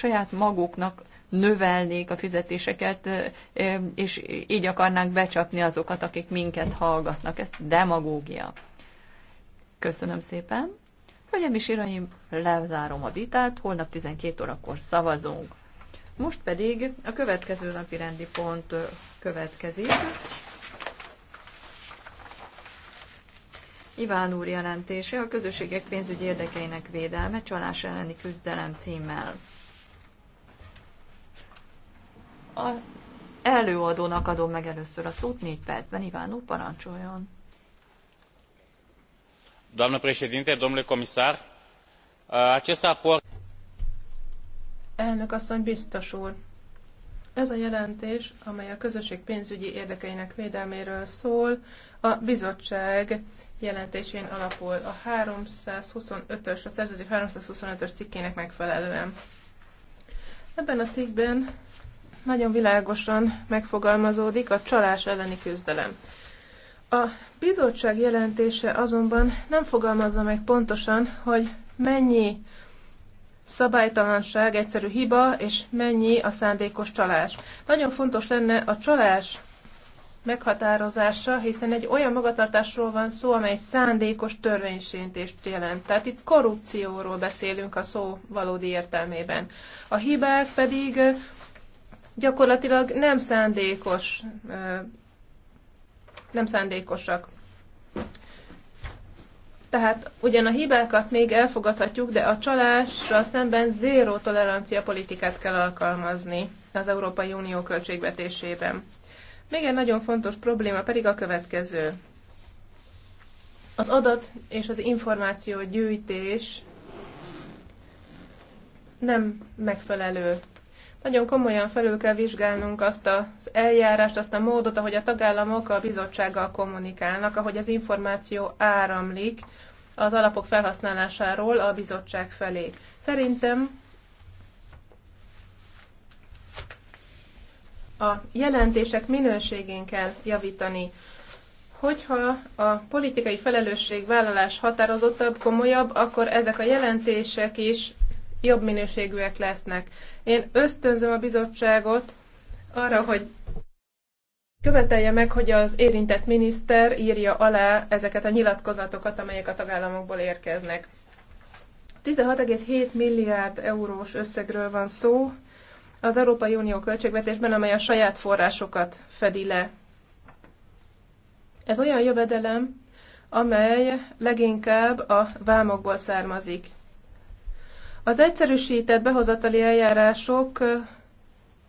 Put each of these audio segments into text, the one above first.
saját maguknak növelnék a fizetéseket, és így akarnánk becsapni azokat, akik minket hallgatnak. Ez demagógia. Köszönöm szépen. Hölgyem és iraim, lezárom a vitát, holnap 12 órakor szavazunk. Most pedig a következő napi rendi pont következik. Iván úr jelentése a közösségek pénzügyi érdekeinek védelme csalás elleni küzdelem címmel. A előadónak adom meg először a szót négy percben. Iván úr, parancsoljon. Doamna președinte, domnule comisar, uh, acest raport... Elnök asszony, biztos úr. Ez a jelentés, amely a közösség pénzügyi érdekeinek védelméről szól, a bizottság jelentésén alapul a 325-ös, a szerződés 325-ös cikkének megfelelően. Ebben a cikkben nagyon világosan megfogalmazódik a csalás elleni küzdelem. A bizottság jelentése azonban nem fogalmazza meg pontosan, hogy mennyi szabálytalanság, egyszerű hiba, és mennyi a szándékos csalás. Nagyon fontos lenne a csalás meghatározása, hiszen egy olyan magatartásról van szó, amely szándékos törvénysértést jelent. Tehát itt korrupcióról beszélünk a szó valódi értelmében. A hibák pedig gyakorlatilag nem szándékos, nem szándékosak. Tehát ugyan a hibákat még elfogadhatjuk, de a csalásra szemben zéró tolerancia politikát kell alkalmazni az Európai Unió költségvetésében. Még egy nagyon fontos probléma pedig a következő. Az adat és az információ gyűjtés nem megfelelő nagyon komolyan felül kell vizsgálnunk azt az eljárást, azt a módot, ahogy a tagállamok a bizottsággal kommunikálnak, ahogy az információ áramlik az alapok felhasználásáról a bizottság felé. Szerintem a jelentések minőségén kell javítani hogyha a politikai felelősségvállalás határozottabb, komolyabb, akkor ezek a jelentések is jobb minőségűek lesznek. Én ösztönzöm a bizottságot arra, hogy követelje meg, hogy az érintett miniszter írja alá ezeket a nyilatkozatokat, amelyek a tagállamokból érkeznek. 16,7 milliárd eurós összegről van szó az Európai Unió költségvetésben, amely a saját forrásokat fedi le. Ez olyan jövedelem, amely leginkább a vámokból származik. Az egyszerűsített behozatali eljárások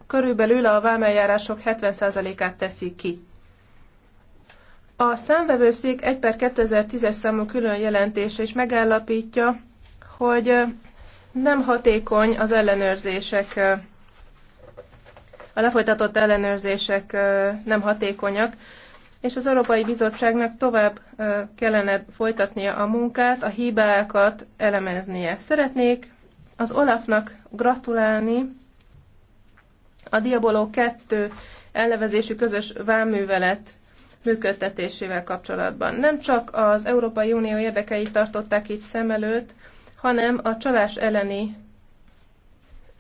körülbelül a vámeljárások 70%-át teszik ki. A számvevőszék 1 per 2010-es számú külön jelentése is megállapítja, hogy nem hatékony az ellenőrzések, a lefolytatott ellenőrzések nem hatékonyak, és az Európai Bizottságnak tovább kellene folytatnia a munkát, a hibákat elemeznie. Szeretnék az Olafnak gratulálni a Diaboló 2 elnevezésű közös válművelet működtetésével kapcsolatban. Nem csak az Európai Unió érdekeit tartották így szem előtt, hanem a csalás elleni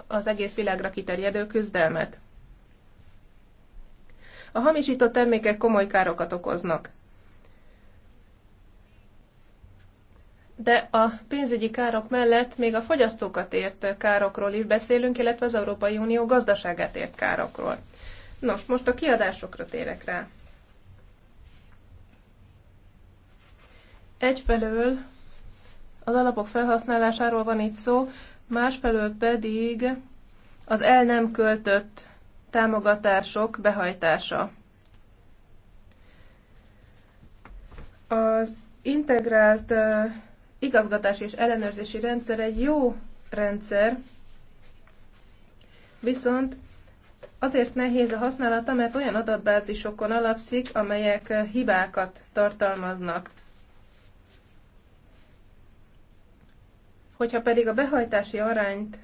az egész világra kiterjedő küzdelmet. A hamisított termékek komoly károkat okoznak. de a pénzügyi károk mellett még a fogyasztókat ért károkról is beszélünk, illetve az Európai Unió gazdaságát ért károkról. Nos, most a kiadásokra térek rá. Egyfelől az alapok felhasználásáról van itt szó, másfelől pedig az el nem költött támogatások behajtása. Az integrált igazgatási és ellenőrzési rendszer egy jó rendszer, viszont azért nehéz a használata, mert olyan adatbázisokon alapszik, amelyek eh, hibákat tartalmaznak. Hogyha pedig a behajtási arányt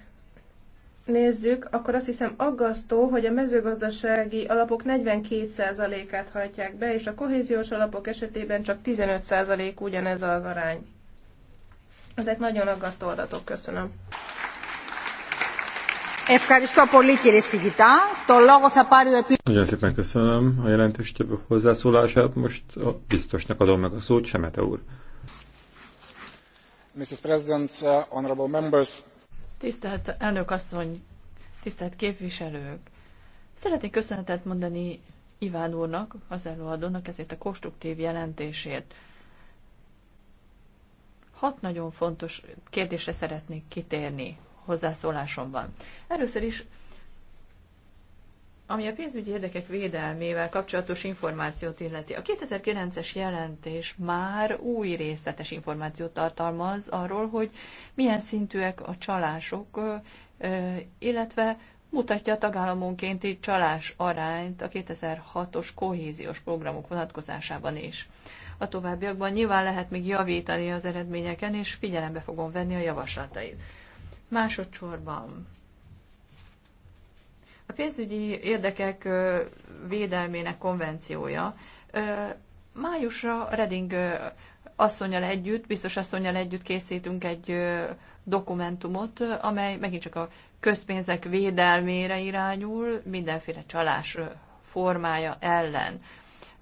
nézzük, akkor azt hiszem aggasztó, hogy a mezőgazdasági alapok 42%-át hajtják be, és a kohéziós alapok esetében csak 15% ugyanez az arány. Ezek nagyon aggasztó adatok. Köszönöm. Nagyon szépen köszönöm a több hozzászólását. Most a biztosnak adom meg a szót, Semete úr. Mrs. President, uh, honorable members. Tisztelt elnök asszony, tisztelt képviselők! Szeretnék köszönetet mondani Iván úrnak, az előadónak ezért a konstruktív jelentésért hat nagyon fontos kérdésre szeretnék kitérni hozzászólásomban. Először is, ami a pénzügyi érdekek védelmével kapcsolatos információt illeti, a 2009-es jelentés már új részletes információt tartalmaz arról, hogy milyen szintűek a csalások, illetve mutatja a tagállamonkénti csalás arányt a 2006-os kohéziós programok vonatkozásában is a továbbiakban nyilván lehet még javítani az eredményeken, és figyelembe fogom venni a javaslatait. Másodszorban a pénzügyi érdekek védelmének konvenciója májusra Reding asszonyjal együtt, biztos asszonyjal együtt készítünk egy dokumentumot, amely megint csak a közpénzek védelmére irányul, mindenféle csalás formája ellen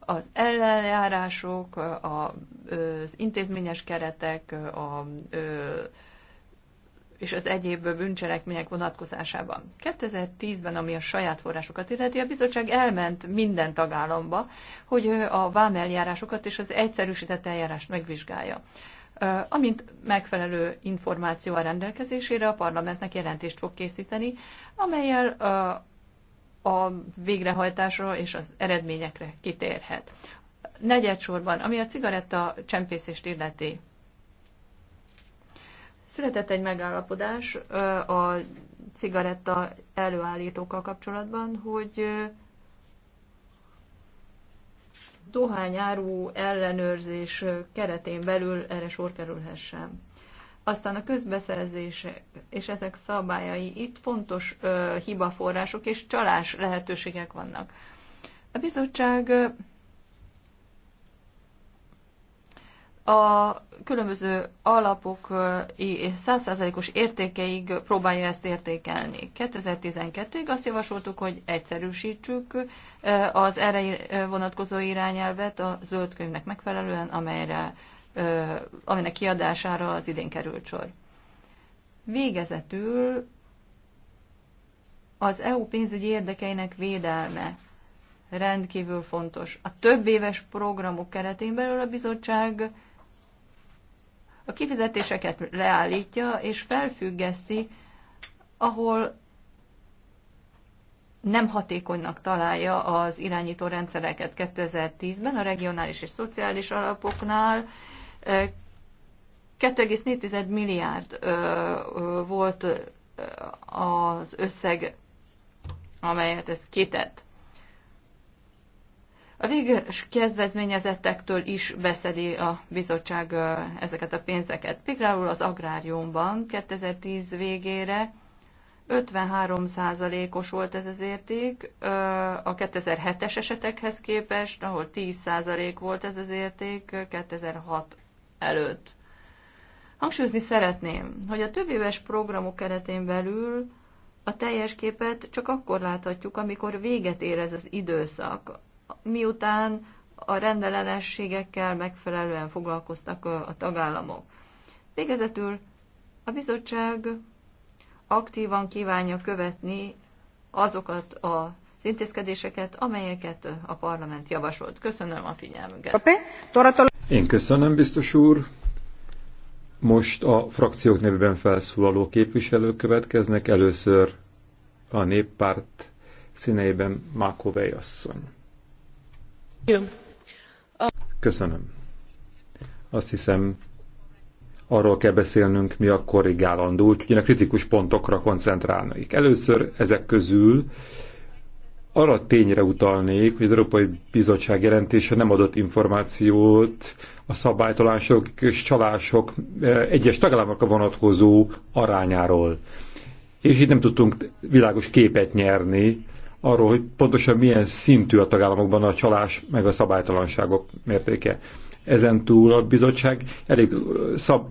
az ellenjárások, az intézményes keretek a, és az egyéb bűncselekmények vonatkozásában. 2010-ben, ami a saját forrásokat illeti, a bizottság elment minden tagállamba, hogy a vámeljárásokat és az egyszerűsített eljárást megvizsgálja. Amint megfelelő információ a rendelkezésére, a parlamentnek jelentést fog készíteni, amelyel a végrehajtásra és az eredményekre kitérhet. Negyedsorban, ami a cigaretta csempészést illeti, született egy megállapodás a cigaretta előállítókkal kapcsolatban, hogy Dohányáru ellenőrzés keretén belül erre sor kerülhessen. Aztán a közbeszerzések és ezek szabályai, itt fontos ö, hibaforrások és csalás lehetőségek vannak. A bizottság a különböző alapok 100%-os értékeig próbálja ezt értékelni. 2012-ig azt javasoltuk, hogy egyszerűsítsük az erre vonatkozó irányelvet a zöldkönyvnek megfelelően, amelyre aminek kiadására az idén került sor. Végezetül az EU pénzügyi érdekeinek védelme rendkívül fontos. A több éves programok keretén belül a bizottság a kifizetéseket leállítja és felfüggeszti, ahol nem hatékonynak találja az irányító rendszereket 2010-ben a regionális és szociális alapoknál, 2,4 milliárd volt az összeg, amelyet ez kitett. A véges kezdvezményezettektől is beszedi a bizottság ezeket a pénzeket. Például az agráriumban 2010 végére 53%-os volt ez az érték, a 2007-es esetekhez képest, ahol 10% volt ez az érték 2006 előtt. Hangsúlyozni szeretném, hogy a éves programok keretén belül a teljes képet csak akkor láthatjuk, amikor véget ér ez az időszak, miután a rendellenességekkel megfelelően foglalkoztak a tagállamok. Végezetül a bizottság aktívan kívánja követni azokat a intézkedéseket, amelyeket a parlament javasolt. Köszönöm a figyelmüket. Én köszönöm, biztos úr. Most a frakciók nevében felszólaló képviselők következnek. Először a néppárt színeiben Mákovei asszony. Köszönöm. Azt hiszem, arról kell beszélnünk, mi a korrigálandó, úgyhogy a kritikus pontokra koncentrálnak. Először ezek közül arra tényre utalnék, hogy az Európai Bizottság jelentése nem adott információt a szabálytalások és csalások eh, egyes tagállamokra vonatkozó arányáról. És itt nem tudtunk világos képet nyerni arról, hogy pontosan milyen szintű a tagállamokban a csalás meg a szabálytalanságok mértéke. Ezen túl a bizottság elég eh, szab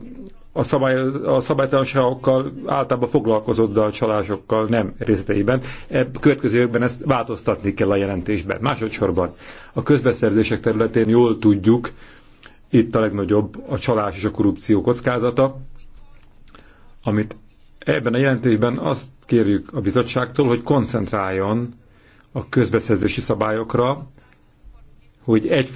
a, szabály, a szabálytalanságokkal általában foglalkozott, de a csalásokkal nem részleteiben. E, következő évben ezt változtatni kell a jelentésben. Másodszorban a közbeszerzések területén jól tudjuk, itt a legnagyobb a csalás és a korrupció kockázata, amit ebben a jelentésben azt kérjük a bizottságtól, hogy koncentráljon a közbeszerzési szabályokra, hogy egy,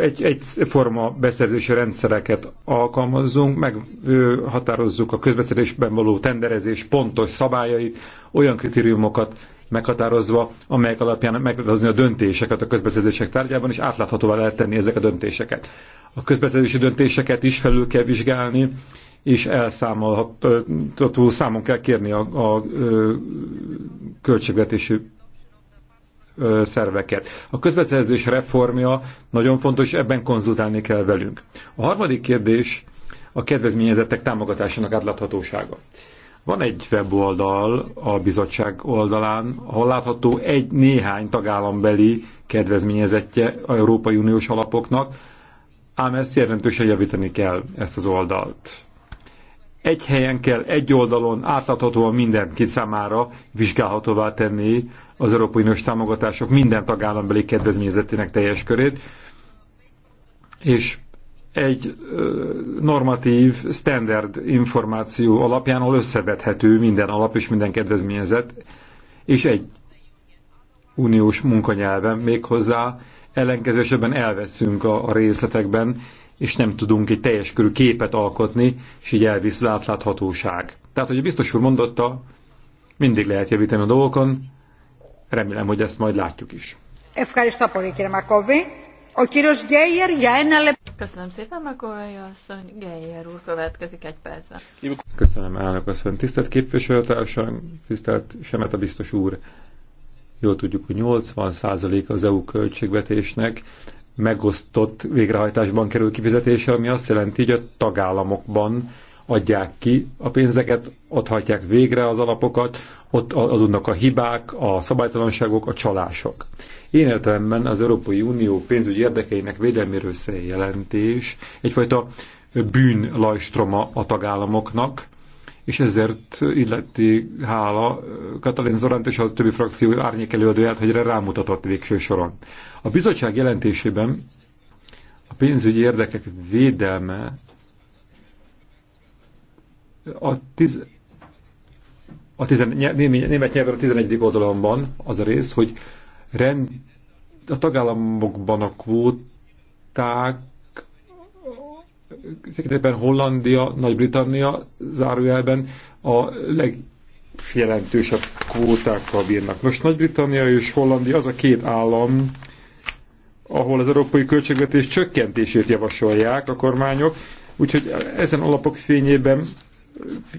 egy, egyforma beszerzési rendszereket alkalmazzunk, meghatározzuk a közbeszerzésben való tenderezés pontos szabályait, olyan kritériumokat meghatározva, amelyek alapján meghatározni a döntéseket a közbeszerzések tárgyában, és átláthatóvá lehet tenni ezek a döntéseket. A közbeszerzési döntéseket is felül kell vizsgálni, és elszámolható számon kell kérni a, a, a költségvetési szerveket. A közbeszerzés reformja nagyon fontos, ebben konzultálni kell velünk. A harmadik kérdés a kedvezményezettek támogatásának átláthatósága. Van egy weboldal a bizottság oldalán, ahol látható egy néhány tagállambeli kedvezményezettje a Európai Uniós alapoknak, ám ezt jelentősen javítani kell, ezt az oldalt egy helyen kell, egy oldalon átláthatóan mindenki számára vizsgálhatóvá tenni az Európai Uniós támogatások minden tagállambeli kedvezményezetének teljes körét, és egy normatív, standard információ alapján, ahol összevethető minden alap és minden kedvezményezet, és egy uniós munkanyelven méghozzá ellenkező esetben elveszünk a, a részletekben, és nem tudunk egy teljes körű képet alkotni, és így elvisz az átláthatóság. Tehát, hogy a biztos úr mondotta, mindig lehet javítani a dolgokon, remélem, hogy ezt majd látjuk is. Köszönöm szépen, Makovai asszony. Geyer úr következik egy percben. Köszönöm, elnök asszony. Tisztelt képviselőtársam, tisztelt a biztos úr. Jól tudjuk, hogy 80% az EU költségvetésnek megosztott végrehajtásban kerül kifizetése, ami azt jelenti, hogy a tagállamokban adják ki a pénzeket, ott hajtják végre az alapokat, ott adunk a hibák, a szabálytalanságok, a csalások. Én értelemben az Európai Unió pénzügyi érdekeinek védelméről jelentés egyfajta bűnlajstroma a tagállamoknak, és ezért illeti hála Katalin Zoránt és a többi frakció árnyék előadóját, hogy erre rámutatott végső soron. A bizottság jelentésében a pénzügyi érdekek védelme a, tiz, a tizen, német nyelven a 11. oldalon az a rész, hogy rend, a tagállamokban a kvóták szépen Hollandia, Nagy-Britannia zárójelben a legjelentősebb kvótákkal bírnak. Most Nagy-Britannia és Hollandia az a két állam, ahol az európai költségvetés csökkentését javasolják a kormányok, úgyhogy ezen alapok fényében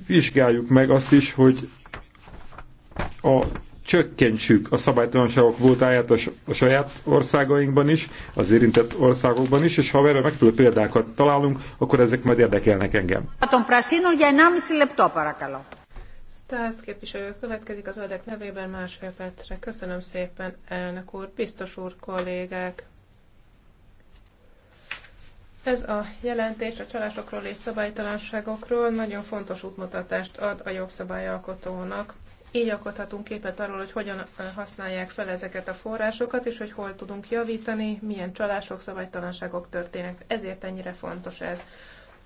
vizsgáljuk meg azt is, hogy a csökkentsük a szabálytalanságok voltáját a saját országainkban is, az érintett országokban is, és ha erre megfelelő példákat találunk, akkor ezek majd érdekelnek engem. Stász képviselő következik az öldek nevében másfél percre. Köszönöm szépen, elnök úr, biztos úr, kollégák. Ez a jelentés a csalásokról és szabálytalanságokról nagyon fontos útmutatást ad a jogszabályalkotónak így alkothatunk képet arról, hogy hogyan használják fel ezeket a forrásokat, és hogy hol tudunk javítani, milyen csalások, szabálytalanságok történnek. Ezért ennyire fontos ez.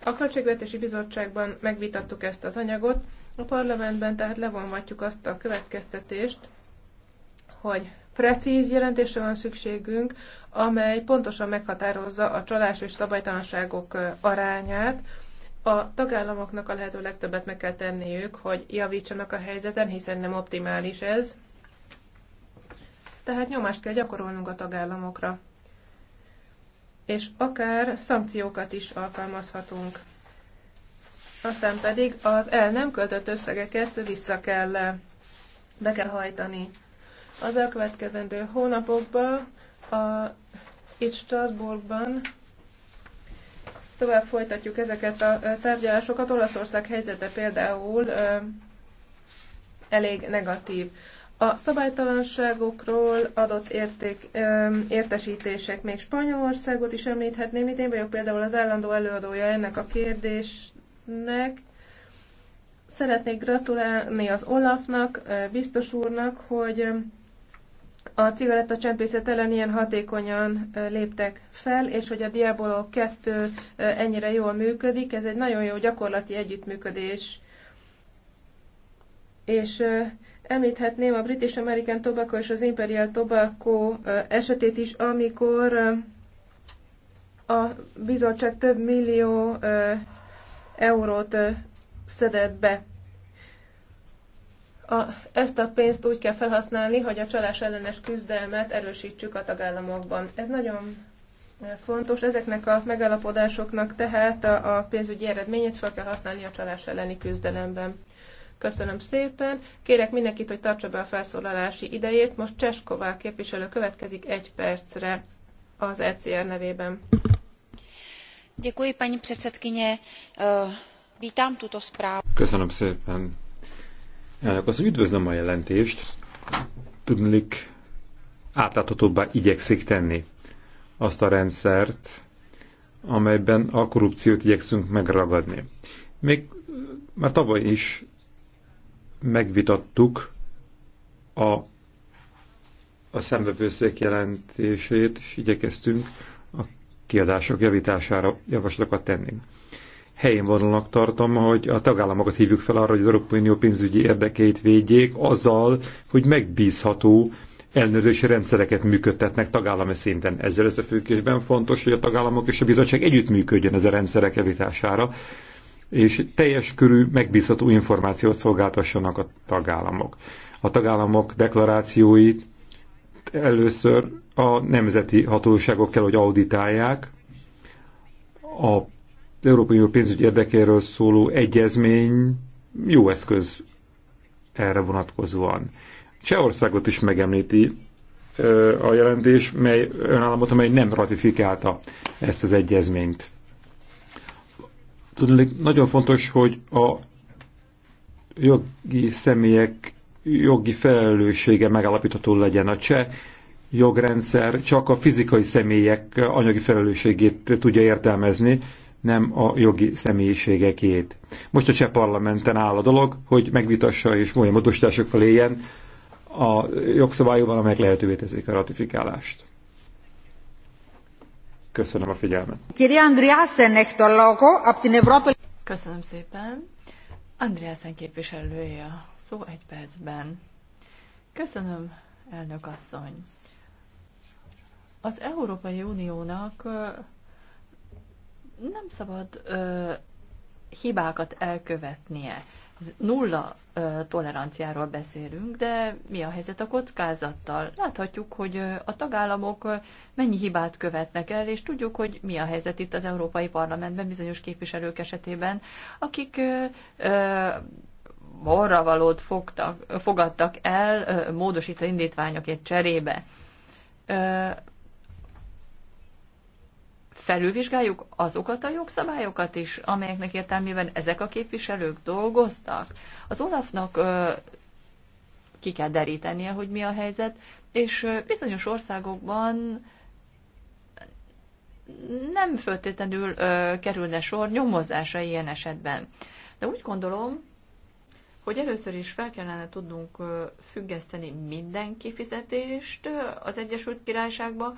A Költségvetési Bizottságban megvitattuk ezt az anyagot, a parlamentben tehát levonvatjuk azt a következtetést, hogy precíz jelentésre van szükségünk, amely pontosan meghatározza a csalás és szabálytalanságok arányát, a tagállamoknak a lehető legtöbbet meg kell tenniük, hogy javítsanak a helyzeten, hiszen nem optimális ez. Tehát nyomást kell gyakorolnunk a tagállamokra. És akár szankciókat is alkalmazhatunk. Aztán pedig az el nem költött összegeket vissza kell, be kell hajtani. Az elkövetkezendő hónapokban a, itt Strasbourgban tovább folytatjuk ezeket a tárgyalásokat. Olaszország helyzete például elég negatív. A szabálytalanságokról adott érték, értesítések még Spanyolországot is említhetném. Itt én vagyok például az állandó előadója ennek a kérdésnek. Szeretnék gratulálni az Olafnak, biztos úrnak, hogy a cigarettacsempészet ellen ilyen hatékonyan léptek fel, és hogy a Diabolo 2 ennyire jól működik, ez egy nagyon jó gyakorlati együttműködés. És említhetném a British American Tobacco és az Imperial Tobacco esetét is, amikor a bizottság több millió eurót szedett be a, ezt a pénzt úgy kell felhasználni, hogy a csalás ellenes küzdelmet erősítsük a tagállamokban. Ez nagyon eh, fontos. Ezeknek a megállapodásoknak tehát a, a pénzügyi eredményét fel kell használni a csalás elleni küzdelemben. Köszönöm szépen. Kérek mindenkit, hogy tartsa be a felszólalási idejét. Most Csesková képviselő következik egy percre az ECR nevében. Děkuji, paní předsedkyně. Eh, vítám tuto zprávu. Köszönöm szépen, Elnök az üdvözlöm a jelentést, tudnék átláthatóbbá igyekszik tenni azt a rendszert, amelyben a korrupciót igyekszünk megragadni. Még eh, már tavaly is megvitattuk a, a szembevőszék jelentését, és igyekeztünk a kiadások javítására javaslatokat tenni helyén vonalnak tartom, hogy a tagállamokat hívjuk fel arra, hogy az Európai Unió pénzügyi érdekeit védjék, azzal, hogy megbízható ellenőrzési rendszereket működtetnek tagállami szinten. Ezzel összefüggésben fontos, hogy a tagállamok és a bizottság együttműködjön ezen rendszerek javítására, és teljes körű megbízható információt szolgáltassanak a tagállamok. A tagállamok deklarációit először a nemzeti hatóságok kell, hogy auditálják, a Európai Unió pénzügyi érdekéről szóló egyezmény jó eszköz erre vonatkozóan. Csehországot is megemlíti a jelentés, mely önállamot, amely nem ratifikálta ezt az egyezményt. Tudni, nagyon fontos, hogy a jogi személyek jogi felelőssége megállapítható legyen. A cseh jogrendszer csak a fizikai személyek anyagi felelősségét tudja értelmezni, nem a jogi személyiségekét. Most a cseh parlamenten áll a dolog, hogy megvitassa és olyan módosítások éljen a jogszabályokban, amelyek lehetővé teszik a ratifikálást. Köszönöm a figyelmet. Köszönöm szépen. Andreasen képviselője a szó egy percben. Köszönöm, elnök asszony. Az Európai Uniónak nem szabad ö, hibákat elkövetnie. Nulla ö, toleranciáról beszélünk, de mi a helyzet a kockázattal? Láthatjuk, hogy ö, a tagállamok ö, mennyi hibát követnek el, és tudjuk, hogy mi a helyzet itt az Európai Parlamentben bizonyos képviselők esetében, akik ö, borravalót fogtak, fogadtak el módosító indítványokért cserébe felülvizsgáljuk azokat a jogszabályokat is, amelyeknek értelmében ezek a képviselők dolgoztak. Az Olafnak ö, ki kell derítenie, hogy mi a helyzet, és bizonyos országokban nem föltétlenül ö, kerülne sor nyomozásra ilyen esetben. De úgy gondolom, hogy először is fel kellene tudnunk függeszteni minden kifizetést az Egyesült Királyságba,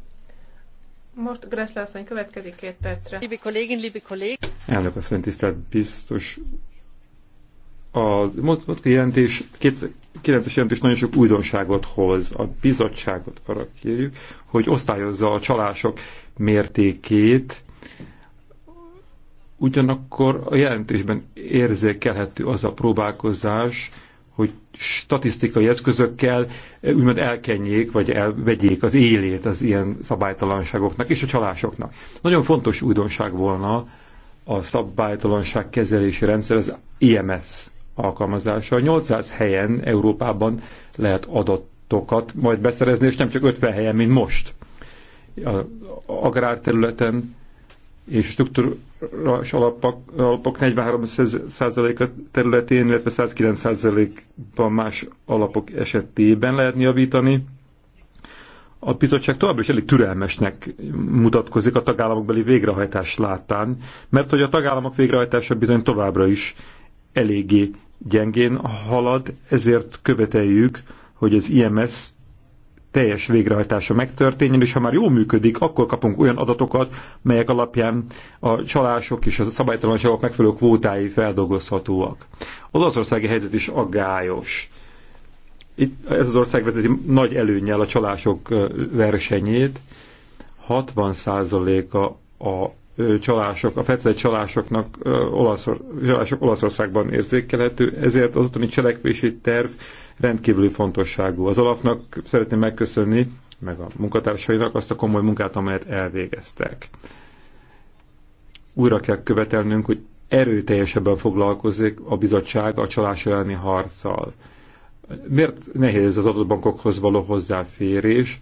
Most Gressle asszony következik két percre. Liebe Kollégin, liebe Kolleg. Elnök asszony, tisztelt biztos. A Motka jelentés, 9-es jelentés nagyon sok újdonságot hoz. A bizottságot arra kérjük, hogy osztályozza a csalások mértékét, ugyanakkor a jelentésben érzékelhető az a próbálkozás, hogy statisztikai eszközökkel eh, úgymond elkenjék, vagy elvegyék az élét az ilyen szabálytalanságoknak és a csalásoknak. Nagyon fontos újdonság volna a szabálytalanság kezelési rendszer, az IMS alkalmazása. 800 helyen Európában lehet adatokat majd beszerezni, és nem csak 50 helyen, mint most. A agrárterületen és a struktúrás alapok, alapok 43%-a területén, illetve 109%-ban más alapok esetében lehet javítani. A bizottság továbbra is elég türelmesnek mutatkozik a tagállamokbeli végrehajtás látán, mert hogy a tagállamok végrehajtása bizony továbbra is eléggé gyengén halad, ezért követeljük, hogy az IMS teljes végrehajtása megtörténjen, és ha már jól működik, akkor kapunk olyan adatokat, melyek alapján a csalások és a szabálytalanságok megfelelő kvótái feldolgozhatóak. országi helyzet is aggályos. Itt ez az ország vezeti nagy előnyel a csalások versenyét. 60%-a a csalások, a fedezett csalásoknak olaszor, csalások Olaszországban érzékelhető, ezért az ottani cselekvési terv rendkívüli fontosságú. Az alapnak szeretném megköszönni, meg a munkatársainak azt a komoly munkát, amelyet elvégeztek. Újra kell követelnünk, hogy erőteljesebben foglalkozzék a bizottság a csalás elleni harccal. Miért nehéz az adott bankokhoz való hozzáférés?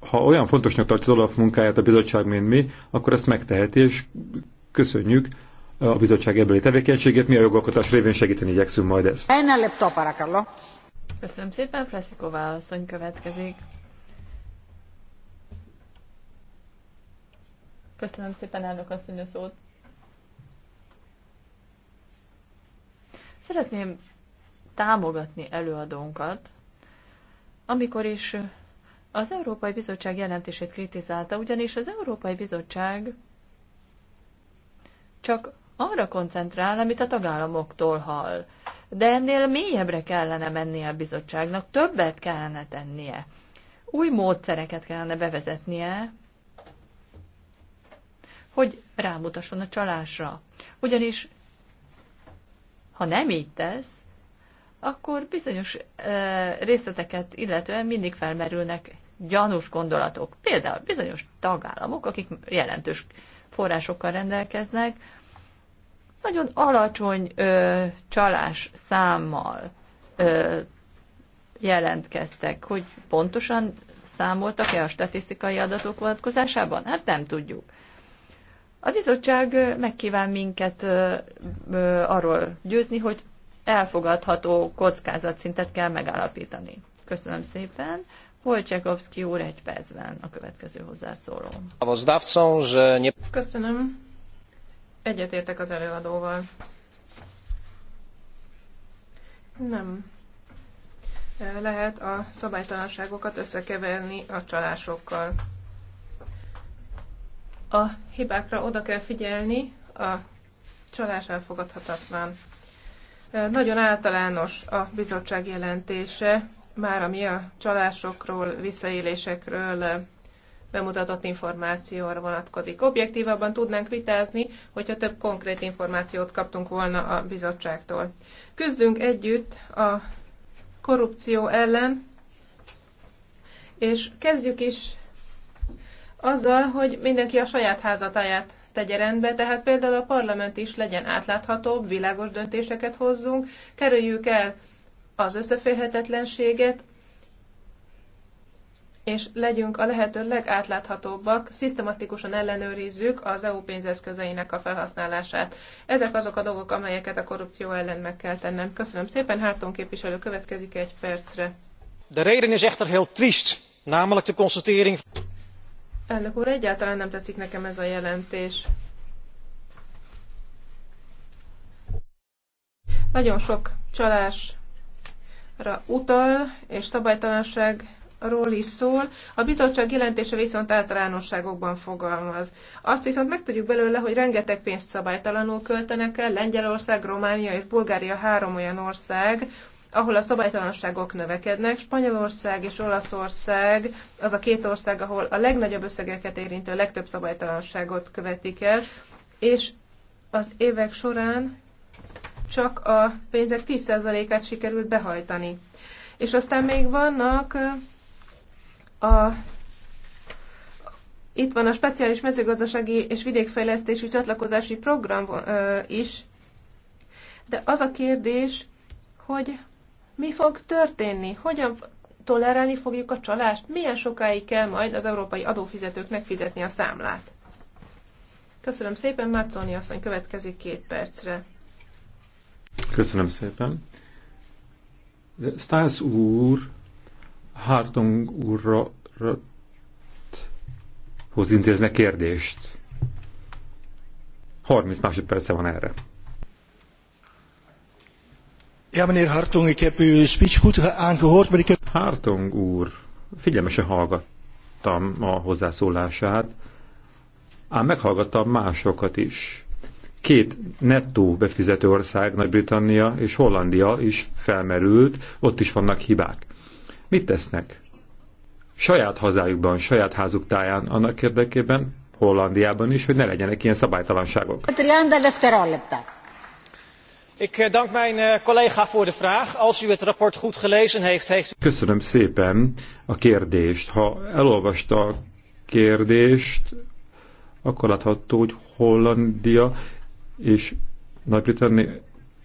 Ha olyan fontosnak tartja az alapmunkáját a bizottság, mint mi, akkor ezt megteheti, és köszönjük a bizottság ebből tevékenységét, mi a jogalkotás révén segíteni igyekszünk majd ezt. Köszönöm szépen, Flesziková válaszony következik. Köszönöm szépen, elnök asszony a szót. Szeretném támogatni előadónkat, amikor is az Európai Bizottság jelentését kritizálta, ugyanis az Európai Bizottság csak arra koncentrál, amit a tagállamoktól hall. De ennél mélyebbre kellene mennie a bizottságnak, többet kellene tennie. Új módszereket kellene bevezetnie, hogy rámutasson a csalásra. Ugyanis, ha nem így tesz, akkor bizonyos e, részleteket illetően mindig felmerülnek gyanús gondolatok. Például bizonyos tagállamok, akik jelentős forrásokkal rendelkeznek, nagyon alacsony ö, csalás számmal ö, jelentkeztek, hogy pontosan számoltak-e a statisztikai adatok vonatkozásában? Hát nem tudjuk. A bizottság megkíván minket ö, ö, arról győzni, hogy elfogadható kockázatszintet kell megállapítani. Köszönöm szépen. Polcsekovszki úr egy percben a következő hozzászóló. Köszönöm. Egyetértek az előadóval. Nem lehet a szabálytalanságokat összekeverni a csalásokkal. A hibákra oda kell figyelni, a csalás elfogadhatatlan. Nagyon általános a bizottság jelentése, már ami a csalásokról, visszaélésekről, bemutatott információra vonatkozik. Objektívabban tudnánk vitázni, hogyha több konkrét információt kaptunk volna a bizottságtól. Küzdünk együtt a korrupció ellen, és kezdjük is azzal, hogy mindenki a saját házatáját tegye rendbe, tehát például a parlament is legyen átláthatóbb, világos döntéseket hozzunk, kerüljük el az összeférhetetlenséget, és legyünk a lehető legátláthatóbbak, szisztematikusan ellenőrizzük az EU pénzeszközeinek a felhasználását. Ezek azok a dolgok, amelyeket a korrupció ellen meg kell tennem. Köszönöm szépen, Hárton képviselő következik egy percre. De reden is echter heel triest, namelijk de constatering... Elnök úr, egyáltalán nem tetszik nekem ez a jelentés. Nagyon sok csalásra utal, és szabálytalanság ról is szól, a bizottság jelentése viszont általánosságokban fogalmaz. Azt viszont megtudjuk belőle, hogy rengeteg pénzt szabálytalanul költenek el, Lengyelország, Románia és Bulgária három olyan ország, ahol a szabálytalanságok növekednek. Spanyolország és Olaszország az a két ország, ahol a legnagyobb összegeket érintő legtöbb szabálytalanságot követik el, és az évek során csak a pénzek 10%-át sikerült behajtani. És aztán még vannak a, itt van a speciális mezőgazdasági és vidékfejlesztési csatlakozási program ö, is, de az a kérdés, hogy mi fog történni, hogyan tolerálni fogjuk a csalást, milyen sokáig kell majd az európai adófizetőknek fizetni a számlát. Köszönöm szépen, Mátszóni asszony következik két percre. Köszönöm szépen. Stiles úr Hartung úrhoz intézne kérdést. 30 másodperce van erre. Ja, meneer Hartung, ik heb uw speech goed aangehoord, maar ik heb... Hartung úr, figyelmesen hallgattam a hozzászólását, ám meghallgattam másokat is. Két nettó befizető ország, Nagy-Britannia és Hollandia is felmerült, ott is vannak hibák. Mit tesznek? Saját hazájukban, saját házuk táján, annak érdekében, Hollandiában is, hogy ne legyenek ilyen szabálytalanságok. Ik eh, dank mijn eh, collega voor de vraag. Als u het rapport goed gelezen heeft, heeft u... Köszönöm szépen a kérdést. Ha elolvasta a kérdést, akkor látható, hogy Hollandia és Nagy-Britannia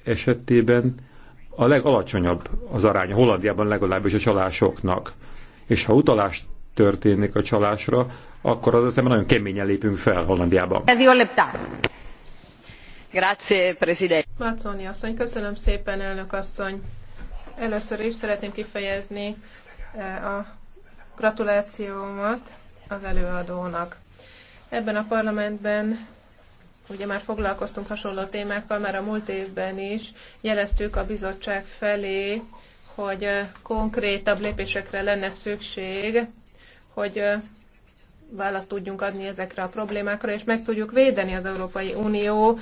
esetében a legalacsonyabb az arány, Hollandiában legalábbis a csalásoknak. És ha utalás történik a csalásra, akkor az eszemben nagyon keményen lépünk fel Hollandiában. Grazie, Presidente. Mazzoni asszony, köszönöm szépen, elnök asszony. Először is szeretném kifejezni eh, a gratulációmat az előadónak. Ebben a parlamentben ugye már foglalkoztunk hasonló témákkal, már a múlt évben is jeleztük a bizottság felé, hogy konkrétabb lépésekre lenne szükség, hogy választ tudjunk adni ezekre a problémákra, és meg tudjuk védeni az Európai Unió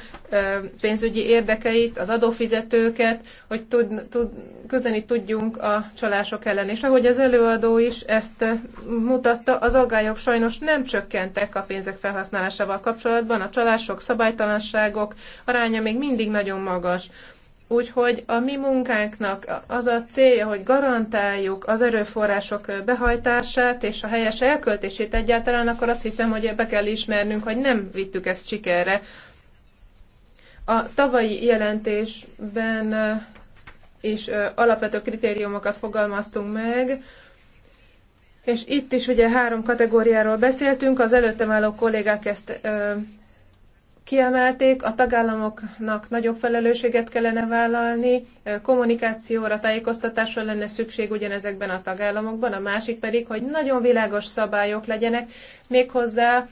pénzügyi érdekeit, az adófizetőket, hogy tud, tud, küzdeni tudjunk a csalások ellen. És ahogy az előadó is ezt mutatta, az aggályok sajnos nem csökkentek a pénzek felhasználásával kapcsolatban, a csalások, szabálytalanságok aránya még mindig nagyon magas. Úgyhogy a mi munkánknak az a célja, hogy garantáljuk az erőforrások behajtását és a helyes elköltését egyáltalán, akkor azt hiszem, hogy be kell ismernünk, hogy nem vittük ezt sikerre. A tavalyi jelentésben is alapvető kritériumokat fogalmaztunk meg, és itt is ugye három kategóriáról beszéltünk, az előttem álló kollégák ezt kiemelték, a tagállamoknak nagyobb felelősséget kellene vállalni, kommunikációra, tájékoztatásra lenne szükség ugyanezekben a tagállamokban, a másik pedig, hogy nagyon világos szabályok legyenek, méghozzá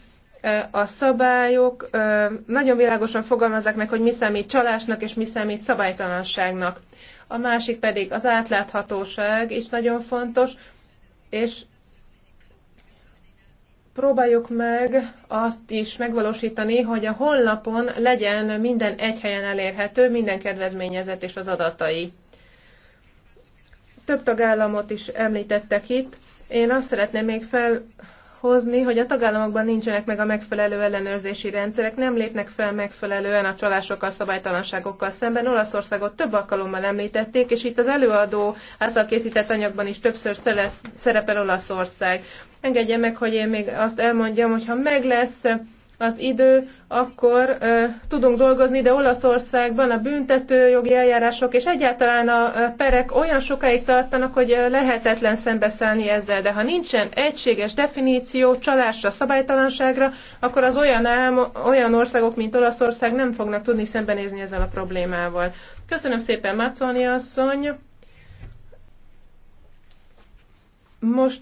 a szabályok nagyon világosan fogalmazzák meg, hogy mi számít csalásnak és mi számít szabálytalanságnak. A másik pedig az átláthatóság is nagyon fontos, és próbáljuk meg azt is megvalósítani, hogy a honlapon legyen minden egy helyen elérhető, minden kedvezményezett és az adatai. Több tagállamot is említettek itt. Én azt szeretném még felhozni, hogy a tagállamokban nincsenek meg a megfelelő ellenőrzési rendszerek, nem lépnek fel megfelelően a csalásokkal, szabálytalanságokkal szemben. Olaszországot több alkalommal említették, és itt az előadó által készített anyagban is többször szerepel Olaszország. Engedje meg, hogy én még azt elmondjam, hogy ha meg lesz az idő, akkor ö, tudunk dolgozni, de Olaszországban a büntető jogi eljárások és egyáltalán a perek olyan sokáig tartanak, hogy lehetetlen szembeszállni ezzel. De ha nincsen egységes definíció csalásra, szabálytalanságra, akkor az olyan, álmo, olyan országok, mint Olaszország nem fognak tudni szembenézni ezzel a problémával. Köszönöm szépen, Maconi asszony! Most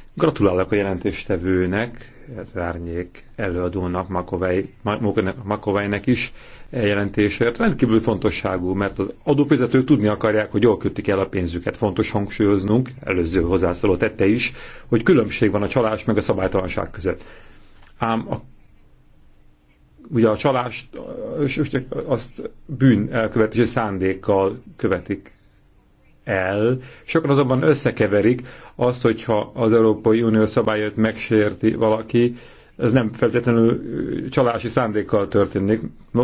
Gratulálok a jelentéstevőnek, ez árnyék előadónak, Makovejnek is e jelentésért. Rendkívül fontosságú, mert az adófizetők tudni akarják, hogy jól kötik el a pénzüket. Fontos hangsúlyoznunk, előző hozzászóló tette is, hogy különbség van a csalás meg a szabálytalanság között. Ám a ugye a csalást azt bűn elkövetési szándékkal követik el. Sokan azonban összekeverik azt, hogyha az Európai Unió szabályait megsérti valaki, ez nem feltétlenül csalási szándékkal történik,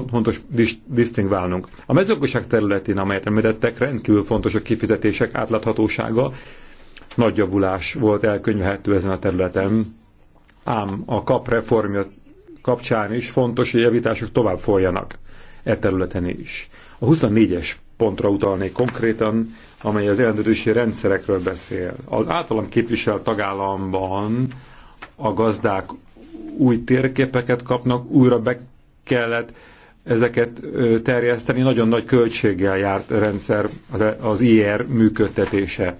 fontos disztingválnunk. A mezőgazdaság területén, amelyet említettek, rendkívül fontos a kifizetések átláthatósága, nagy javulás volt elkönyvhető ezen a területen, ám a kap reformja kapcsán is fontos, hogy javítások tovább folyanak e területen is. A 24-es pontra utalnék konkrétan, amely az ellenőrzési rendszerekről beszél. Az általam képviselt tagállamban a gazdák új térképeket kapnak, újra be kellett ezeket terjeszteni, nagyon nagy költséggel járt a rendszer, az e- IR működtetése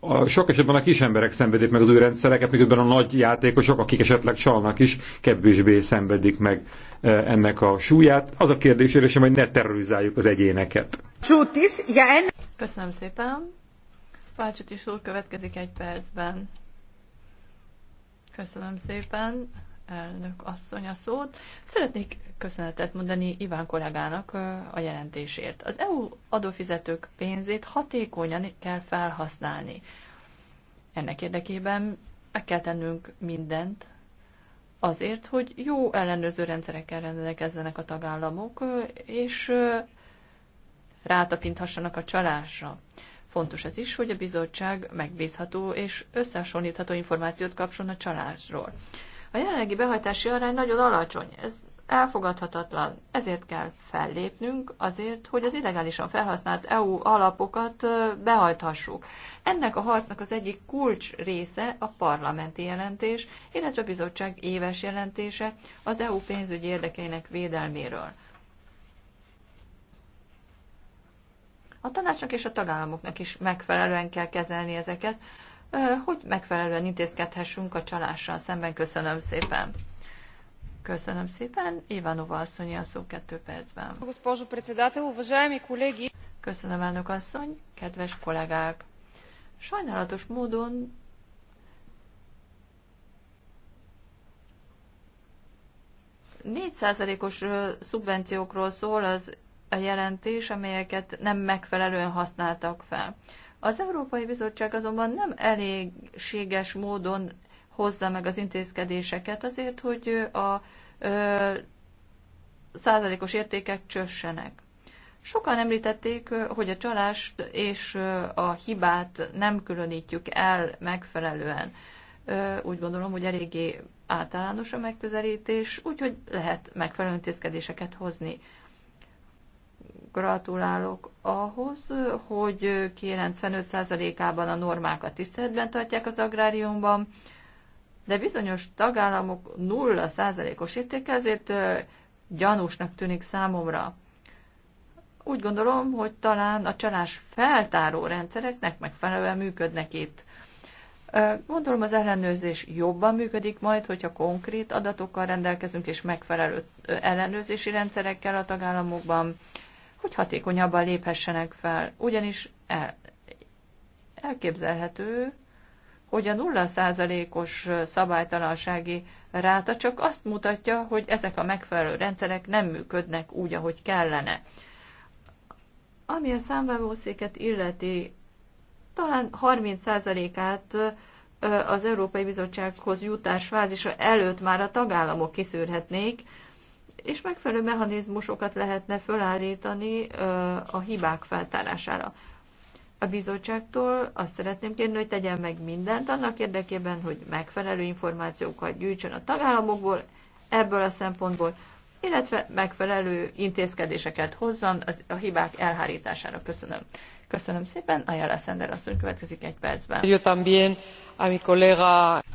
a, sok esetben a kis emberek szenvedik meg az új rendszereket, miközben a nagy játékosok, akik esetleg csalnak is, kevésbé szenvedik meg e, ennek a súlyát. Az a kérdés, hogy hogy ne terrorizáljuk az egyéneket. Köszönöm szépen. Pácsot is úr következik egy percben. Köszönöm szépen elnök asszony a szót. Szeretnék köszönetet mondani Iván kollégának a jelentésért. Az EU adófizetők pénzét hatékonyan kell felhasználni. Ennek érdekében meg kell tennünk mindent azért, hogy jó ellenőrző rendszerekkel rendelkezzenek a tagállamok, és rátapinthassanak a csalásra. Fontos ez is, hogy a bizottság megbízható és összehasonlítható információt kapson a csalásról. A jelenlegi behajtási arány nagyon alacsony, ez elfogadhatatlan. Ezért kell fellépnünk, azért, hogy az illegálisan felhasznált EU alapokat behajthassuk. Ennek a harcnak az egyik kulcs része a parlamenti jelentés, illetve a bizottság éves jelentése az EU pénzügyi érdekeinek védelméről. A tanácsnak és a tagállamoknak is megfelelően kell kezelni ezeket, hogy megfelelően intézkedhessünk a csalással szemben. Köszönöm szépen! Köszönöm szépen. Ivanova asszony a szó kettő percben. Köszönöm, elnök asszony, kedves kollégák. Sajnálatos módon os szubvenciókról szól az a jelentés, amelyeket nem megfelelően használtak fel. Az Európai Bizottság azonban nem elégséges módon hozza meg az intézkedéseket azért, hogy a ö, százalékos értékek csössenek. Sokan említették, hogy a csalást és a hibát nem különítjük el megfelelően. Úgy gondolom, hogy eléggé általános a megközelítés, úgyhogy lehet megfelelő intézkedéseket hozni gratulálok ahhoz, hogy 95%-ában a normákat tiszteletben tartják az agráriumban, de bizonyos tagállamok 0%-os értéke, ezért gyanúsnak tűnik számomra. Úgy gondolom, hogy talán a csalás feltáró rendszereknek megfelelően működnek itt. Gondolom az ellenőrzés jobban működik majd, hogyha konkrét adatokkal rendelkezünk és megfelelő ellenőrzési rendszerekkel a tagállamokban hogy hatékonyabban léphessenek fel. Ugyanis el, elképzelhető, hogy a nulla százalékos szabálytalansági ráta csak azt mutatja, hogy ezek a megfelelő rendszerek nem működnek úgy, ahogy kellene. Ami a számvevőszéket illeti, talán 30 százalékát az Európai Bizottsághoz jutás fázisa előtt már a tagállamok kiszűrhetnék, és megfelelő mechanizmusokat lehetne fölállítani a hibák feltárására. A bizottságtól azt szeretném kérni, hogy tegyen meg mindent annak érdekében, hogy megfelelő információkat gyűjtsön a tagállamokból, ebből a szempontból, illetve megfelelő intézkedéseket hozzon az, a hibák elhárítására. Köszönöm. Köszönöm szépen. Jala Szender asszony következik egy percben. Yo también a mi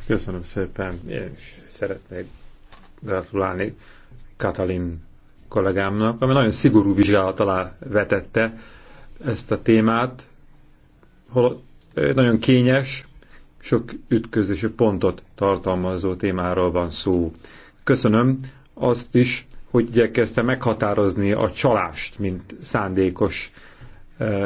Köszönöm szépen. Én szeretnék gratulálni Katalin kollégámnak, ami nagyon szigorú vizsgálat alá vetette ezt a témát, hol nagyon kényes, sok ütközési pontot tartalmazó témáról van szó. Köszönöm azt is, hogy igyekezte meghatározni a csalást, mint szándékos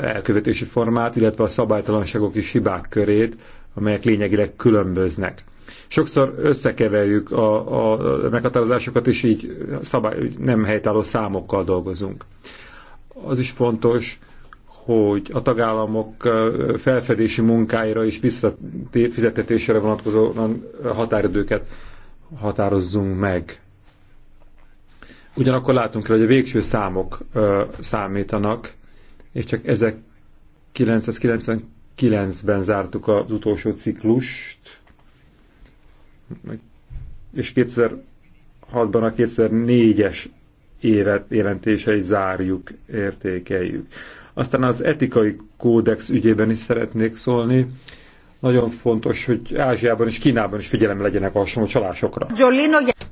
elkövetési formát, illetve a szabálytalanságok és hibák körét, amelyek lényegileg különböznek. Sokszor összekeverjük a, a meghatározásokat, és így szabály, nem helytálló számokkal dolgozunk. Az is fontos, hogy a tagállamok felfedési munkáira és visszafizetetésre vonatkozó határidőket határozzunk meg. Ugyanakkor látunk el, hogy a végső számok ö, számítanak, és csak 1999-ben zártuk az utolsó ciklust, és 2006-ban a 2004-es évet jelentéseit zárjuk, értékeljük. Aztán az etikai kódex ügyében is szeretnék szólni. Nagyon fontos, hogy Ázsiában és Kínában is figyelem legyenek a hasonló csalásokra.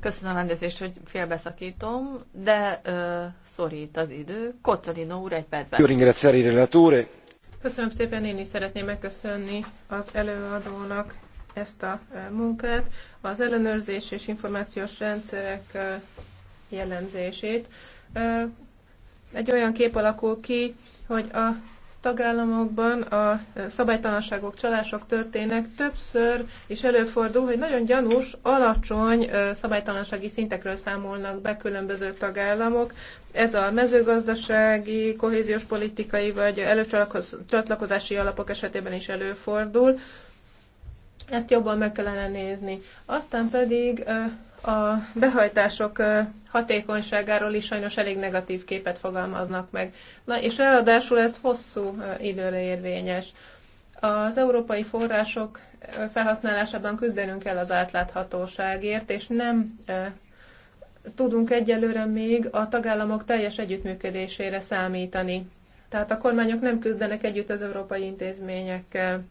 Köszönöm rendezést, hogy félbeszakítom, de uh, szorít az idő. Kocolino úr egy percben. Köszönöm szépen, én is szeretném megköszönni az előadónak ezt a e, munkát, az ellenőrzés és információs rendszerek e, jellemzését. E, egy olyan kép alakul ki, hogy a tagállamokban a szabálytalanságok, csalások történnek, többször és előfordul, hogy nagyon gyanús, alacsony szabálytalansági szintekről számolnak be különböző tagállamok. Ez a mezőgazdasági, kohéziós politikai vagy előcsatlakozási alapok esetében is előfordul. Ezt jobban meg kellene nézni. Aztán pedig a behajtások hatékonyságáról is sajnos elég negatív képet fogalmaznak meg. Na, és ráadásul ez hosszú időre érvényes. Az európai források felhasználásában küzdenünk kell az átláthatóságért, és nem tudunk egyelőre még a tagállamok teljes együttműködésére számítani. Tehát a kormányok nem küzdenek együtt az európai intézményekkel.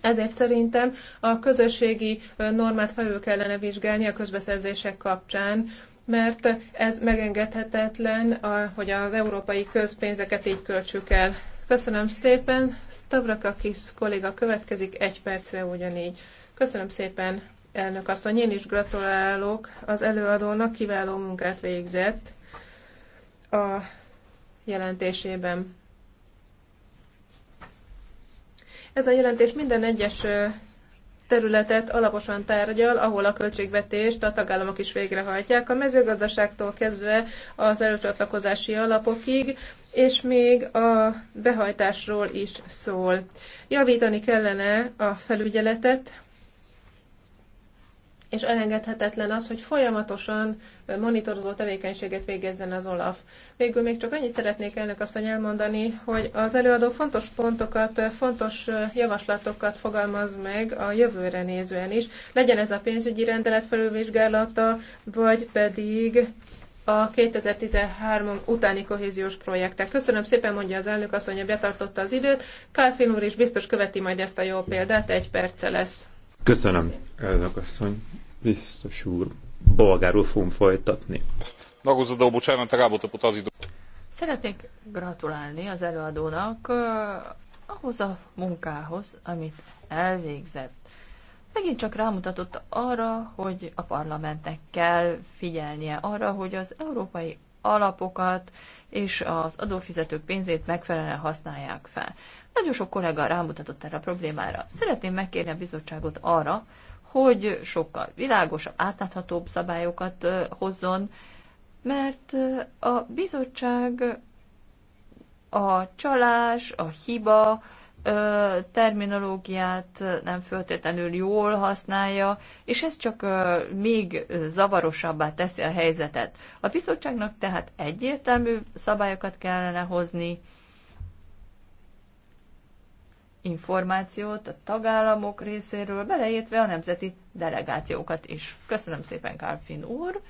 Ezért szerintem a közösségi normát felül kellene vizsgálni a közbeszerzések kapcsán, mert ez megengedhetetlen, hogy az európai közpénzeket így költsük el. Köszönöm szépen. Stavrakakis kolléga következik egy percre ugyanígy. Köszönöm szépen, elnök asszony. Én is gratulálok az előadónak, kiváló munkát végzett a jelentésében. Ez a jelentés minden egyes területet alaposan tárgyal, ahol a költségvetést a tagállamok is végrehajtják, a mezőgazdaságtól kezdve az előcsatlakozási alapokig, és még a behajtásról is szól. Javítani kellene a felügyeletet, és elengedhetetlen az, hogy folyamatosan monitorozó tevékenységet végezzen az OLAF. Végül még csak annyit szeretnék elnök asszony elmondani, hogy az előadó fontos pontokat, fontos javaslatokat fogalmaz meg a jövőre nézően is. Legyen ez a pénzügyi rendelet felülvizsgálata, vagy pedig a 2013 utáni kohéziós projektek. Köszönöm szépen, mondja az elnök asszony, hogy betartotta az időt. Kálfin úr is biztos követi majd ezt a jó példát, egy perce lesz. Köszönöm, elnök asszony. Biztos úr, bolgárul fogom folytatni. Szeretnék gratulálni az előadónak ahhoz a munkához, amit elvégzett. Megint csak rámutatott arra, hogy a parlamentnek kell figyelnie arra, hogy az európai alapokat és az adófizetők pénzét megfelelően használják fel. Nagyon sok kollega rámutatott erre a problémára. Szeretném megkérni a bizottságot arra, hogy sokkal világosabb, átláthatóbb szabályokat hozzon, mert a bizottság a csalás, a hiba terminológiát nem föltétlenül jól használja, és ez csak még zavarosabbá teszi a helyzetet. A bizottságnak tehát egyértelmű szabályokat kellene hozni, információt a tagállamok részéről, beleértve a nemzeti delegációkat is. Köszönöm szépen, Kárfin úr!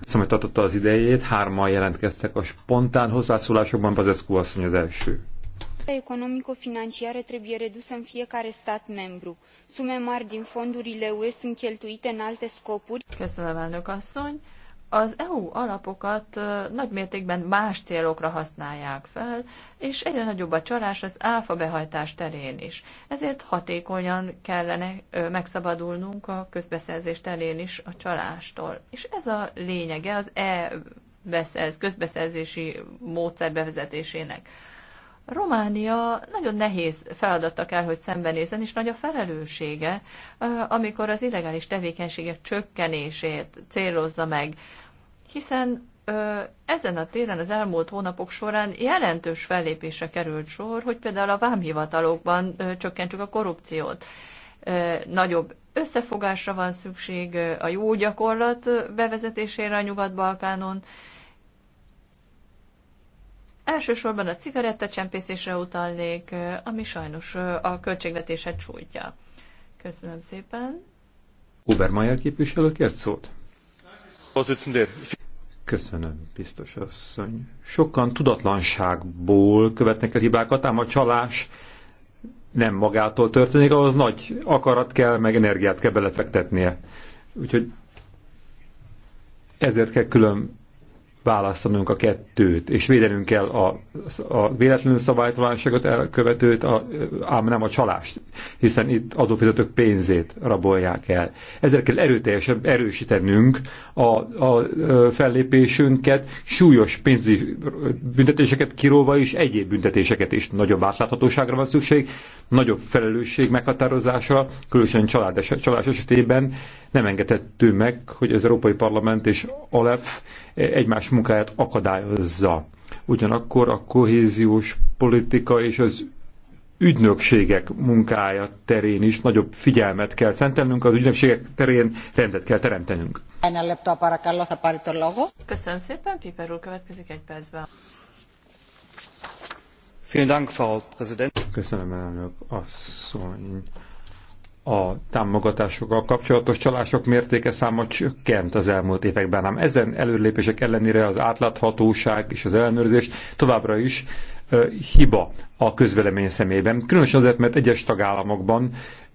Köszönöm, hogy tartotta az idejét. Hárman jelentkeztek a spontán hozzászólásokban, Bazescu asszony az első. economico financiară trebuie redusă în fiecare stat membru. Sume mari din fondurile UE sunt cheltuite în alte scopuri. Köszönöm, elnök asszony az EU alapokat nagy mértékben más célokra használják fel, és egyre nagyobb a csalás az áfa behajtás terén is. Ezért hatékonyan kellene megszabadulnunk a közbeszerzés terén is a csalástól. És ez a lényege az e beszerz, közbeszerzési módszer bevezetésének. Románia nagyon nehéz feladata kell, hogy szembenézzen, és nagy a felelőssége, amikor az illegális tevékenységek csökkenését célozza meg hiszen ö, ezen a téren az elmúlt hónapok során jelentős fellépésre került sor, hogy például a vámhivatalokban ö, csökkentsük a korrupciót. Ö, nagyobb összefogásra van szükség a jó gyakorlat bevezetésére a Nyugat-Balkánon. Elsősorban a cigarettacsempészésre utalnék, ami sajnos a költségvetéset csújtja. Köszönöm szépen. Obermeier képviselő kért szót. Köszönöm, biztos asszony. Sokan tudatlanságból követnek el hibákat, ám a csalás nem magától történik, ahhoz nagy akarat kell, meg energiát kell belefektetnie. Úgyhogy ezért kell külön választanunk a kettőt, és védenünk kell a, a véletlenül szabálytalanságot elkövetőt, a, ám nem a csalást, hiszen itt adófizetők pénzét rabolják el. Ezért kell erőteljesebb erősítenünk a, a fellépésünket, súlyos pénzügyi büntetéseket kiróva is, egyéb büntetéseket is. Nagyobb átláthatóságra van szükség, nagyobb felelősség meghatározásra, különösen család, csalás esetében nem engedhető meg, hogy az Európai Parlament és Alef egymás munkáját akadályozza. Ugyanakkor a kohéziós politika és az ügynökségek munkája terén is nagyobb figyelmet kell szentelnünk, az ügynökségek terén rendet kell teremtenünk. Köszönöm szépen, Piper úr, következik egy percben. Vielen Dank, Frau Präsident. Köszönöm, elnök asszony a támogatásokkal kapcsolatos csalások mértéke száma csökkent az elmúlt években, ám ezen előlépések ellenére az átláthatóság és az ellenőrzés továbbra is ö, hiba a közvelemény szemében. Különösen azért, mert egyes tagállamokban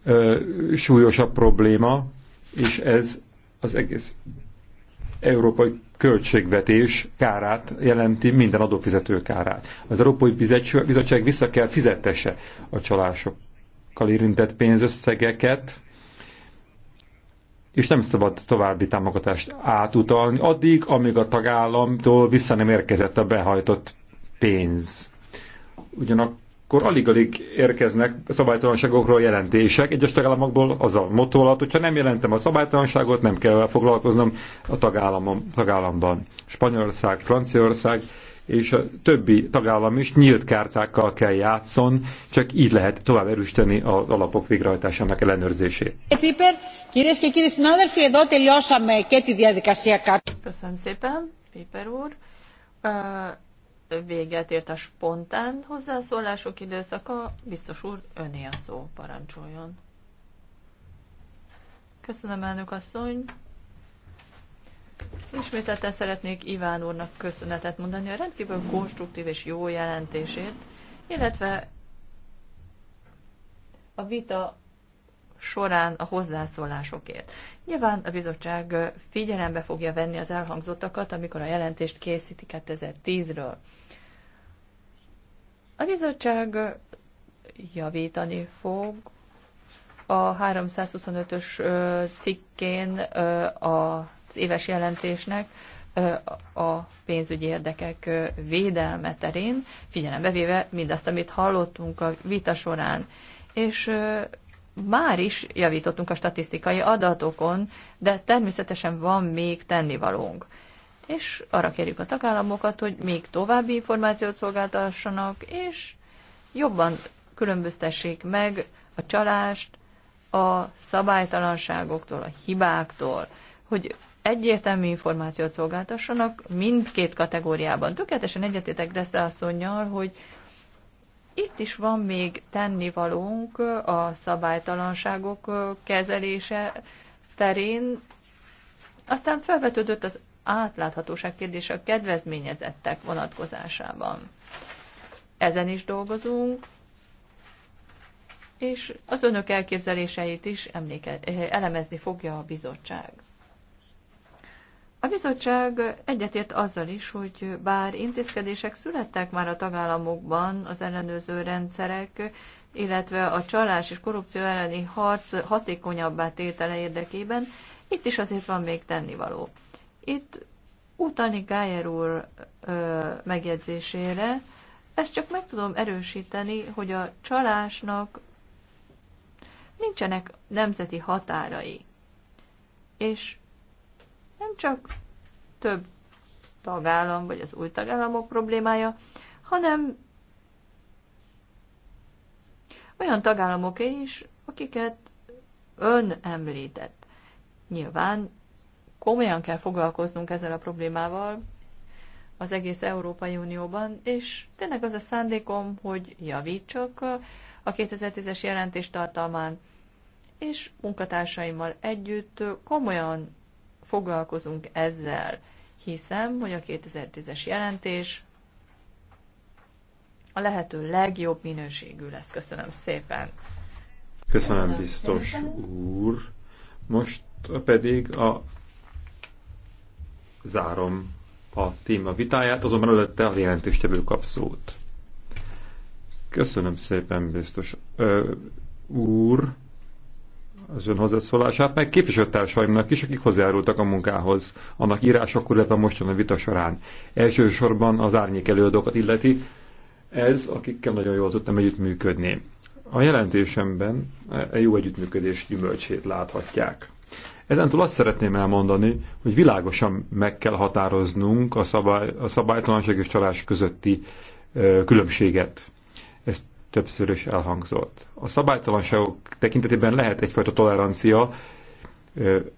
ö, súlyosabb probléma, és ez az egész európai költségvetés kárát jelenti, minden adófizető kárát. Az Európai Bizottság vissza kell fizetese a csalások érintett pénzösszegeket, és nem szabad további támogatást átutalni addig, amíg a tagállamtól vissza nem érkezett a behajtott pénz. Ugyanakkor alig-alig érkeznek szabálytalanságokról jelentések, egyes tagállamokból az a motolat, hogyha nem jelentem a szabálytalanságot, nem kell foglalkoznom a tagállamom, tagállamban. Spanyolország, Franciaország, és a többi tagállam is nyílt kárcákkal kell játszon, csak így lehet tovább erősíteni az alapok végrehajtásának ellenőrzését. Köszönöm szépen, Piper úr. Véget ért a spontán hozzászólások időszaka. Biztos úr, öné a szó, parancsoljon. Köszönöm, elnök asszony. Ismételten szeretnék Iván úrnak köszönetet mondani a rendkívül konstruktív és jó jelentését, illetve a vita során a hozzászólásokért. Nyilván a bizottság figyelembe fogja venni az elhangzottakat, amikor a jelentést készíti 2010-ről. A bizottság javítani fog a 325-ös cikkén a éves jelentésnek a pénzügyi érdekek védelme terén, figyelembe véve mindazt, amit hallottunk a vita során. És már is javítottunk a statisztikai adatokon, de természetesen van még tennivalónk. És arra kérjük a tagállamokat, hogy még további információt szolgáltassanak, és jobban különböztessék meg a csalást a szabálytalanságoktól, a hibáktól, hogy egyértelmű információt szolgáltassanak mindkét kategóriában. Tökéletesen egyetétek Greszte asszonynal, hogy itt is van még tennivalónk a szabálytalanságok kezelése terén. Aztán felvetődött az átláthatóság kérdése a kedvezményezettek vonatkozásában. Ezen is dolgozunk, és az önök elképzeléseit is emléke, elemezni fogja a bizottság. A bizottság egyetért azzal is, hogy bár intézkedések születtek már a tagállamokban az ellenőrző rendszerek, illetve a csalás és korrupció elleni harc hatékonyabbá tétele érdekében, itt is azért van még tennivaló. Itt utalni Gájer úr ö, megjegyzésére, ezt csak meg tudom erősíteni, hogy a csalásnak nincsenek nemzeti határai. És nem csak több tagállam vagy az új tagállamok problémája, hanem olyan tagállamoké is, akiket ön említett. Nyilván komolyan kell foglalkoznunk ezzel a problémával az egész Európai Unióban, és tényleg az a szándékom, hogy javítsak a 2010-es jelentés tartalmán, és munkatársaimmal együtt komolyan foglalkozunk ezzel. Hiszem, hogy a 2010-es jelentés a lehető legjobb minőségű lesz. Köszönöm szépen. Köszönöm, biztos úr. Most pedig a zárom a téma vitáját, azonban előtte a jelentéstevő kap szót. Köszönöm szépen, biztos ö, úr az ön hozzászólását, meg képviselőtársaimnak is, akik hozzájárultak a munkához, annak írásakor, illetve mostani vita során. Elsősorban az árnyék előadókat illeti, ez, akikkel nagyon jól tudtam együttműködni. A jelentésemben a e jó együttműködés gyümölcsét láthatják. Ezentúl azt szeretném elmondani, hogy világosan meg kell határoznunk a, szabály, a szabálytalanság és csalás közötti ö, e, különbséget többször is elhangzott. A szabálytalanságok tekintetében lehet egyfajta tolerancia,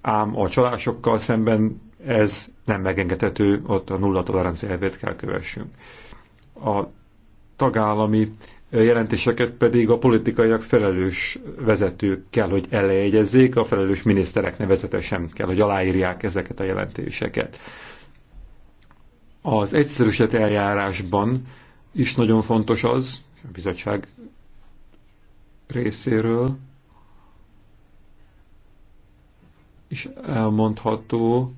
ám a csalásokkal szemben ez nem megengedhető, ott a nulla tolerancia elvét kell kövessünk. A tagállami jelentéseket pedig a politikaiak felelős vezetők kell, hogy elejegyezzék, a felelős miniszterek nevezetesen kell, hogy aláírják ezeket a jelentéseket. Az egyszerűsített eljárásban is nagyon fontos az, a bizottság részéről és elmondható,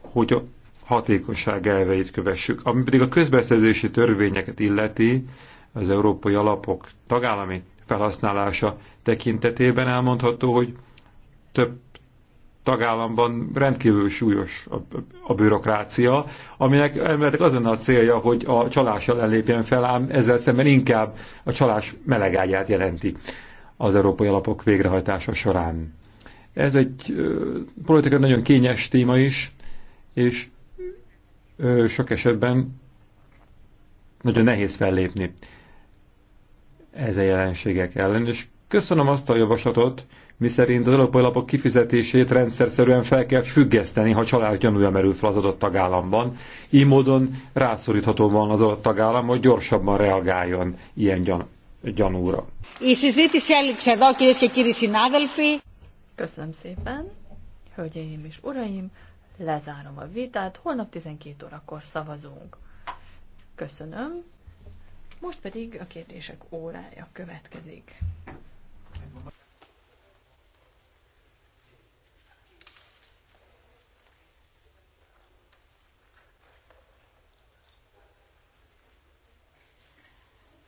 hogy a hatékosság elveit kövessük. Ami pedig a közbeszerzési törvényeket illeti, az európai alapok tagállami felhasználása tekintetében elmondható, hogy több tagállamban rendkívül súlyos a, a bürokrácia, aminek emberek az lenne a célja, hogy a csalás ellen lépjen fel, ám ezzel szemben inkább a csalás melegágyát jelenti az európai alapok végrehajtása során. Ez egy ö, politikai nagyon kényes téma is, és ö, sok esetben nagyon nehéz fellépni ezen jelenségek ellen. És köszönöm azt a javaslatot, miszerint az alapajlapok kifizetését szerűen fel kell függeszteni, ha csalás gyanúja merül fel az adott tagállamban. Így módon rászorítható van az adott tagállam, hogy gyorsabban reagáljon ilyen gyan gyanúra. Köszönöm szépen, hölgyeim és uraim, lezárom a vitát, holnap 12 órakor szavazunk. Köszönöm. Most pedig a kérdések órája következik.